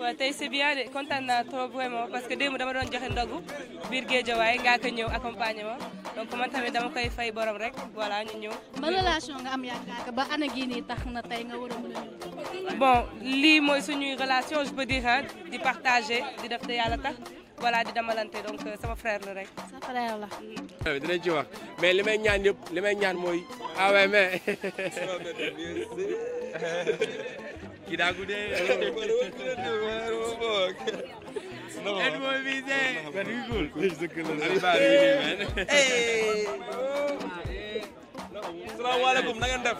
waaw tey c'est bien de kontaan naa trop vraiment parce que démb dama doon joxe ndogu biir géejawaay ngaa ko ñëw accompagné ma donc man tamit dama koy fay borom rek voilà ñu ñëw. ban relation nga am yaakaar ba ana gii nii tax na tey nga war a bon lii mooy suñuy relation je peux dire di partager di def te yàlla tax voilà di damalante donc euh, sama frère la rek. sa frère ah mais li may ñaan li may ñaan mooy. Ah kii daa guddee. salaamaaleykum na ngeen def.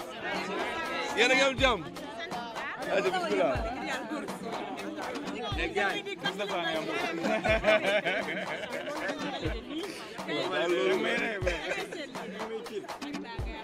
yéen a ngi am jàmm. rajo bisimilah.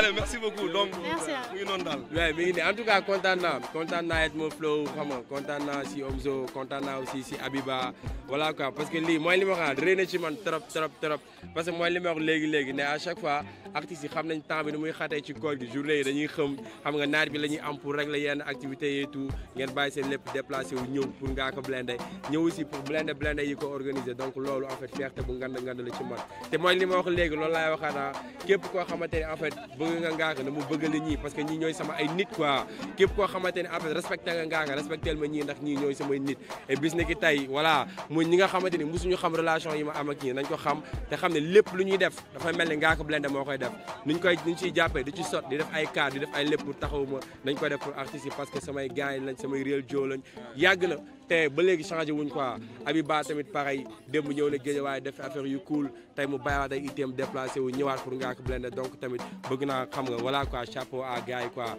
allez merci beaucoup donc. merci hein. mu ngi non daal. waaw mi ngi en tout cas content naa content naa être mon flow xam content kontaan si Omzo content naa aussi si Abiba voilà quoi parce que lii mooy li ma wax rëy na ci man trop trop trop parce que mooy li ma wax léegi léegi ne à chaque fois artistes yi xam nañ temps bi ni muy xatee ci koor gi journée yi dañuy xëm xam nga naaj bi la ñuy am pour régler yenn activités yi et tout ngeen bàyyi seen lépp déplacé wu ñëw pour ngaa ko blindé ñëw aussi pour blindé blindé yi ko organiser donc loolu en fait fierté bu ngand ngand la ci man te mooy li ma wax léegi loolu laay waxaat ah, képp koo xamante ne en fait nga nga nga na mu bëggal ñi parce que ñi ñoy sama ay nit quoi képp ko xamanteni après respecté nga nga nga respecté ma ñi ndax ñi ñoy sama nit et bis ne ki tay voilà moy ñi nga xamanteni musuñu xam relation yi ma am ak ñi nañ ko xam te xamne lepp lu ñuy def dafa melni nga ko blender mo koy def niñ koy niñ ci jappé di ci sot di def ay cas di def ay lepp taxawuma nañ koy def pour artiste parce que sama ay gaay lañ sama real joe lañ yag la te ba léegi changé wuñ quoi Habib Ba tamit pareil démb ñëw na waaye def affaire yu cool tey mu bàyyiwaat ay item déplacé wu ñëwaat pour Ngaaka Blindé donc tamit bëgg naa xam nga voilà quoi chapeau à gars yi quoi.